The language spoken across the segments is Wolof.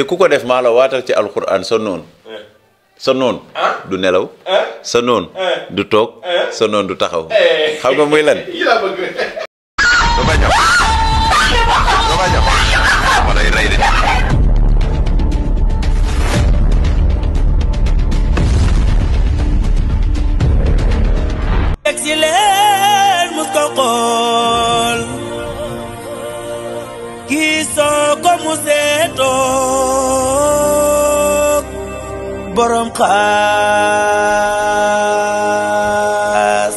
te ku ko def maa la waatal ci alquran sa noonu eh. sa ah? du nelaw eh? sa noonu eh. du toog sa noonu du taxaw xam nga muy lan Exilé, Muscoco. borom xaas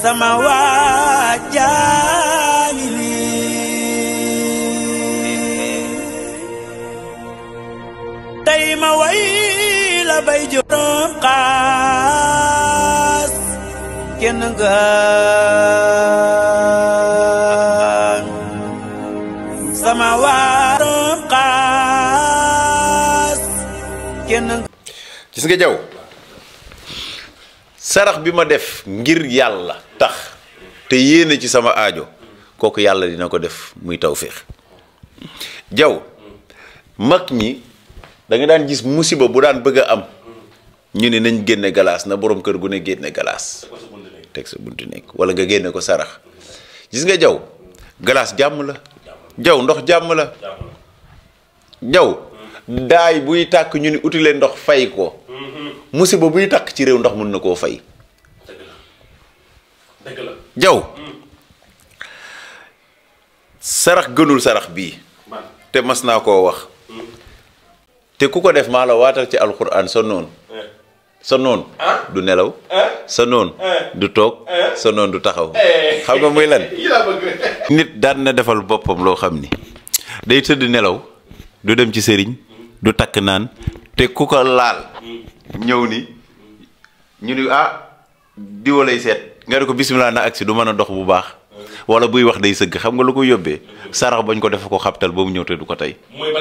sama waa jaani nii tey ma way la bay jo borom xaas kenn nga génn. gis nga jaw sarax bi ma def ngir yàlla tax te yéene ci sama aajo kooku yàlla dina ko def muy taw féex jaw mag ñi danga nga daan gis musiba bu daan bëgg a am ñu ne nañ génne galaas na boroom kër gu ne génne galaas teg sa buntu nekk wala nga génne ko sarax gis nga jaw galaas jàmm la jaw ndox jàmm la jaw daay buy tàkk ñu ni uti ndox fay ko mhm. musiba buy tàkk ci réew ndox mën na koo fay jaw mhm. sarax gënul sarax bii te mas naa koo wax mhm. te ku ko def maa la waatal ci alxuraan sa noon eh. sa noonu ah? du nelaw eh? sa noon eh. du toog sa noon du taxaw xam nga muy lan nit daan na defal boppam loo xam ni day tëdd nelaw du dem ci sëriñ du takk naan te ku ko laal ñëw ni ñu ni ah diwa lay seet nga ne ko bisimilah na agsi du mën a dox bu baax wala buy wax day sëgg xam nga lu ko yóbbee sarax bañ ko def ko xabtal boobu mu ñëw te du ko tey. mooy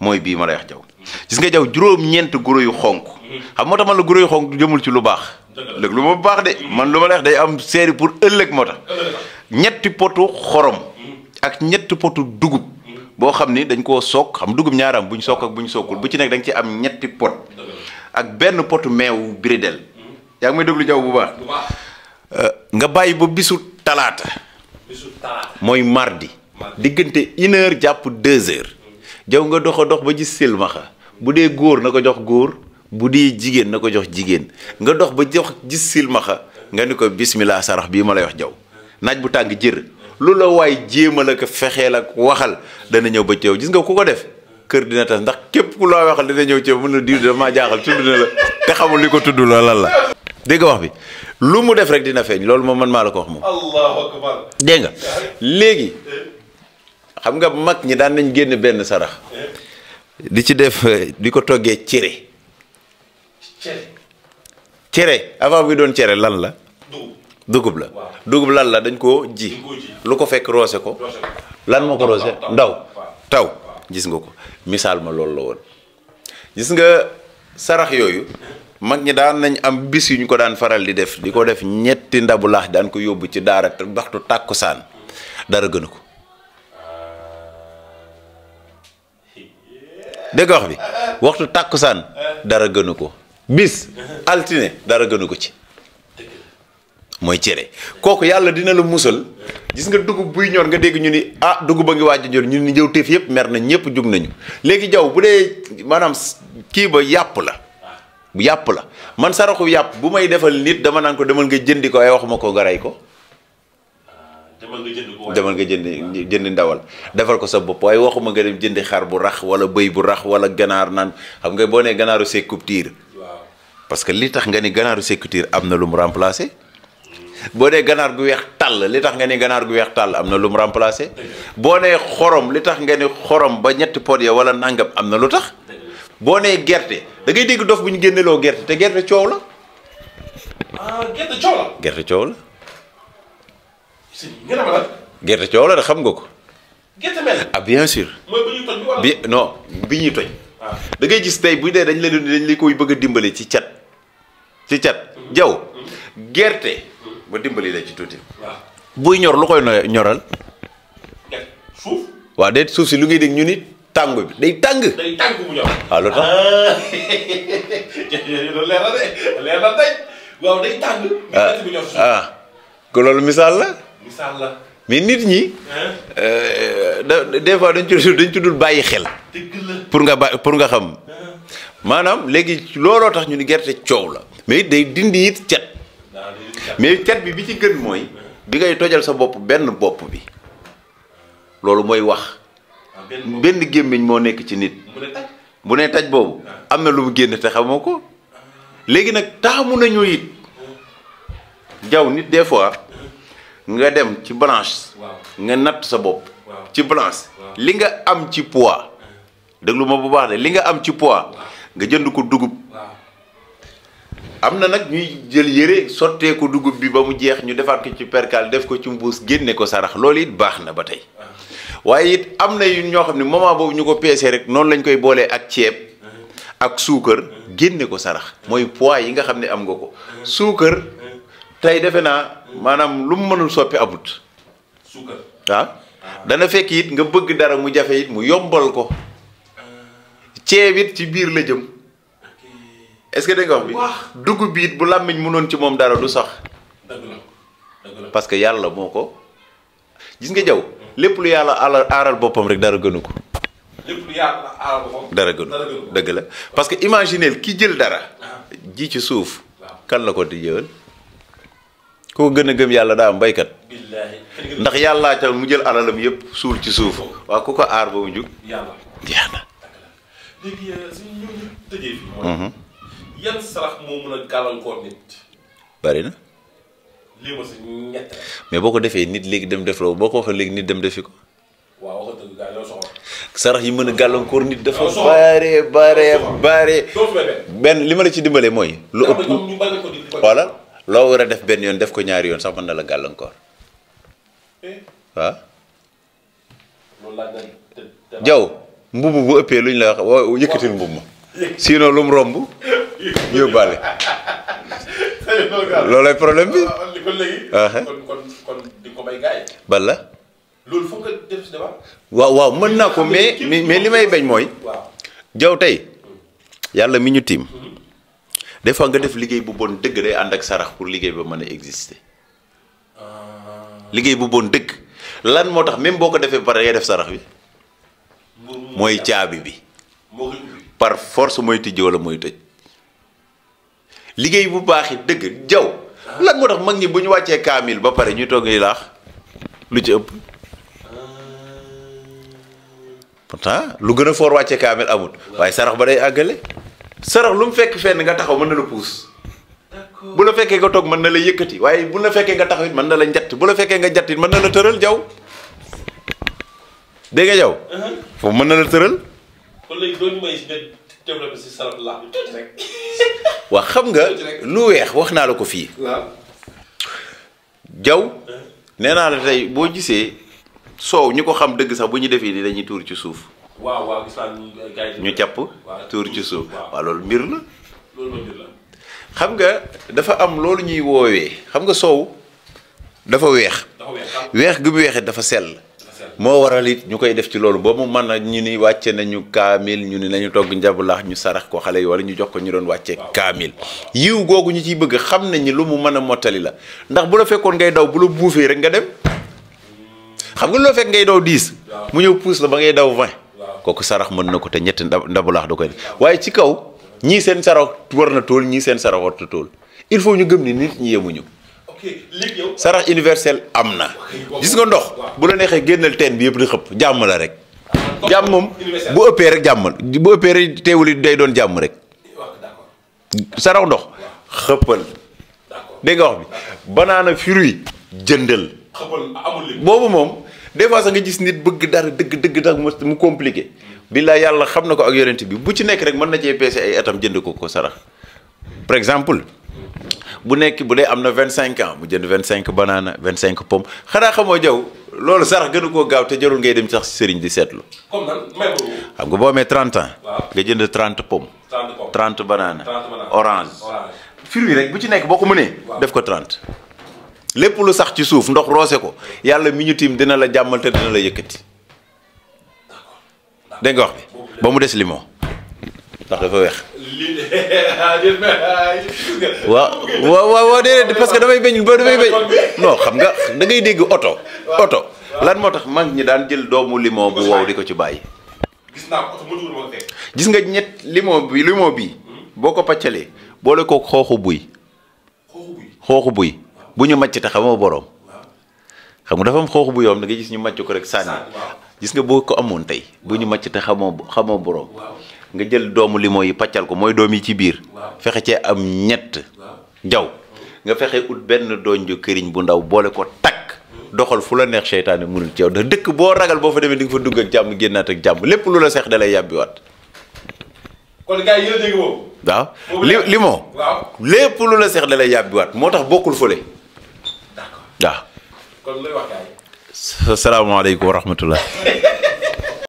mooy bii ma lay yax jaw gis nga jaw juróom-ñeent guro yu xonk xam moo tax man la guro yu xonk du jëmul ci lu baax. dëgg lu ma baax de man lu ma lay wax day am séeri pour ëllëg moo tax. ñetti potu xorom. ak ñetti potu dugub. boo xam ni dañ koo sook xam dugub ñaaram buñ ñu soog ak bu sookul bu ci nekk da ci am ñetti pot ak benn potu meewu biridel yaa ngi may déglu jaww bu baax euh, nga bàyyi ba bisu talaata mooy mardi diggante jàpp deux heures jaw nga dox dox ba jis silmaxa bu dee góor na ko jox góor bu dee jigéen na ko jox jigéen nga dox ba jox gis silmaxa nga ni ko bismillah sarax bii ma lay wax jaw naaj bu tàng jër lu la waay jéemal ak fexeel ak waxal dana ñëw ba teew gis nga ku ko def kër dina tas ndax képp ku la waxal dina ñëw teew mun na diir damaa jaaxal tudd na la te xamul li ko tudd la lan la. dégg wax bi lu mu def rek dina feeñ loolu moom man maa la ko wax moom. allahu akbar dégg léegi xam nga mag ñi daan nañ génn benn sarax. di ci def di ko toggee cere. cere avant bi doon cere lan la. dugub la dugub lan la dañ koo ji lu ko fekk roose ko lan moo ko roose ndaw taw gis nga ko misaal ma loolu la woon gis nga sarax yooyu mag ñi daan nañ am bis yu ñu ko daan faral di def di ko def ñetti ndabu laax daan ko yóbbu ci daara te waxtu tàkkusaan dara gënu ko dégg wax bi waxtu tàkkusaan dara gënu ko bis altine dara gënu ko ci mooy cere kooku yàlla dina la musal gis nga dugub buy ñor nga dégg ñu ni ah dugub ba ngi waaj a ñor ñu ni njëwteef yëpp mer na ñëpp jug nañu léegi jaww bu dee maanaam kii ba yàpp la bu yàpp la man saraxu yàpp bu may defal nit dama naan ko demal nga jëndi ko ay waxuma ko nga ko demal nga jënd ko nga jënd jënd ndawal defal ko sa bopp waaye waxuma nga dem jëndi xar bu rax wala bëy bu rax wala ganaar naan xam nga boo nee ganaaru sécupture parce que li tax nga ni ganaaru sécupture am na lu mu remplacé boo nee ganaar gu weex tàll li tax nga ni ganaar gu weex tàll am na lu mu remplacé boo nee xorom li tax nga ni xorom ba ñetti pot ya wala nàngam am na lu tax boo nee gerte dangay dégg dof bu ñu génneloo loo te gerte coow la. ah gerte coow la. gerte coow xam nga ko. gerte mel ah bien sûr. bi wala bi non bi ñuy toj. Ah. da gis tey bu dee dañ la dañ la koy bëgg a dimbale ci cat. ci cat mm-hmm. jaw mm-hmm. gerte. Mm-hmm. ba dimbali la ci tuuti. buy ñor lu koy ñoral. suuf. waaw déet suuf si lu ngi dégg ñu nit tàng bi day tàng. day tàng bu ñor. Ah, waaw loolu tax loolu day tàng. Ah, ah ko loolu misaal la. misaal nit ñi. Euh, da des fois dañ ci dañ ci dul bàyyi xel. pour nga ba pour nga xam. maanaam léegi looloo tax ñu ni gerte coow la. mais day dindi it cet. mais cat bi bi ci gën mooy bi ngay tojal sa bopp benn bopp bi loolu mooy wax benn gémmiñ moo nekk ci nit bu ne taj boobu am na lu mu génn te xamoo ko léegi nag taamu nañu it jaw nit des fois nga dem ci branche nga natt sa bopp ci branche li nga am ci poids déglu ma bu baax de li nga am ci poids nga jënd ko dugub am na nag ñuy jël yére sottee ko dugub bi ba mu jeex ñu defaat ko ci perkal def ko ci mbuus génne ko sarax loolu it baax na ba tey waaye it am na yu ñoo xam ne moment boobu ñu ko peesee rek noonu lañ koy boolee ak ceeb ak suukar génne ko sarax mooy poids yi nga xam ne am nga ko suukar tey defe naa maanaam lu mu mënul soppi amut suukar ah dana fekk it nga bëgg dara mu jafe it mu yombal ko ah. ceeb it ci biir la jëm est-ce que dégg wax bi dugub biit bu làmmiñ mënoon ci moom dara du sax. parce que yàlla moo ko. gis nga jaw lépp lu yàlla ala aaral boppam rek dara gënu ko. lépp lu dara gënu dëgg la parce que imaginez ki jël dara. Ah. ji ci suuf. kan la ko di koo gën a gëm yàlla daa am baykat. ndax yàlla ca mu jël alalam yëpp suul ci suuf. waaw ku ko aar ba mu jug. yàlla yan sarax na. lii mais boo ko defee nit léegi dem def loolu boo ko waxee léegi nit dem defi ko. sarax yi mën a gàllankoor nit dafa bare bare bare benn li ma la ci dimbalee mooy. lu ëpp voilà loo war a def benn yoon def ko ñaari yoon sax mën na la gàllankoor. Eh? jaw mbubb bu ëppee luñ la wax yëkkatil mbubb ma sinon lu mu romb. yóbbaale. loolay problème bi. Ah, ah, kon ah, waaw waaw mën naa ko mais mais li may bañ mooy. waaw tey. Hmm. yàlla mi ñu tiim. Hmm. des fois nga def liggéey bu bon dëgg day ànd ak sarax pour liggéey ba mën a exister. liggéey bu bon dëgg. lan moo tax même boo ko defee pare ngay def sarax bi. mooy caabi bi. par force mooy tijji wala mooy tëj. liggéey bu baax yi dëgg jaw lan moo tax mag ñi bu ñu wàccee kaamil ba pare ñu toog yi laax lu ci ëpp pourtant lu gën a foor wàccee kaamil amul waaye sarax ba day àggale sarax lu mu fekk fenn nga taxaw mën na la puus bu la fekkee nga toog mën na la yëkkati waaye bu la fekkee nga taxaw mën na la njatt bu la fekkee nga jat it mën na la tëral jaw dégg jaw uh-huh. foofu mën na la tëral développé si Salatoullah bi waa xam nga lu weex wax naa la ko fii. waaw. jaw nee naa la tey boo gisee soow ñi ko xam dëgg sax bu ñu defee nii dañuy tuur ci suuf. waaw ñu jàpp tuur ci suuf waaw loolu mbir la. xam nga dafa am loolu ñuy woowee xam nga soow dafa weex. weex gi mu weexee dafa sell. moo waral ñu koy def ci loolu boobu mën na ñu ni wàcce nañu kaamil ñu ni nañu togg njabulaax ñu sarax ko xale yi wala ñu jox ko ñu doon wàcce kaamil yiw googu ñu ci bëgg xam nañ ni lu mu mën a mottali la ndax bu la fekkoon ngay daw bu la buufee rek nga dem xam nga loo fekk ngay daw diis mu ñëw puus la ba ngay daw 20 kooku sarax mën na ko te ñetti ndabulaax da koy def waaye ci kaw ñii seen sarax war na tool ñii seen sarax tool il faut ñu gëm ni nit ñi sarax universel am na gis nga ndox bu la neexee génnal teen bi yëpp di xëpp jàmm la rek ah, jàmm moom bu ëppee rek jàmm bu ëppee rek teewul it day doon jàmm rek sarax ndox xëppal dégg nga wax bi banaana fruit jëndal boobu moom des fois sax nga gis nit bëgg dara dëgg dëgg dara mu compliqué billaa yàlla xam na ko ak yonent bi bu ci nekk rek mën na cee peese ay atam jënd ko ko sarax par exemple bu nekk bu dee am na vingt cinq ans mu jënd vingt cinq banaana vingt cinq pomme xanaa xamoo jaw loolu sarax gënu koo gaaw te jarul ngay dem sax si sëriñ di seetlu. xam nga boo amee trente ans. nga jënd trente pomme. trente pomme trente banaana. orange fruit yi rek bu ci nekk boo ko mënee. def ko trente. lépp lu sax ci suuf ndox roose ko yàlla mi ñu tiim dina la jàmmal te dina la yëkkati. dégg wax bi ba mu des limon. ndax dafa weex. waaw waaw waaw déedéet parce que damay bañ ba damay bañ noo xam nga dangay dégg oto. oto lan moo tax mag ñi daan jël doomu limon bu wow di ko ci bàyyi. gis naa gis nga ñett limon bi limon bi hmm? boo ko pàccalee boole ko xooxu buy. xooxu buy bu ñu màcc te xamoo borom. xam nga dafa am xooxu buy yoom da gis ñu màcc ko rek sànni. gis nga boo ko amoon tey bu ñu màcc xamoo xamoo borom. nga jël doomu limon yi paccal ko mooy doom yi ci biir fexe cee am ñett jaw nga fexe ut benn donju këriñ bu ndaw boole ko takk doxal fu la neex seytaane mënul ci yow ndax dëkk boo ragal boo fa demee di nga fa dugg ak jàmm génnaat ak jàmm lépp lu la seex da lay yàbbiwaat kon gars waaw li limon lépp lu la seex da lay yàbbiwaat moo tax bokkul fële d'accord waaw kon lay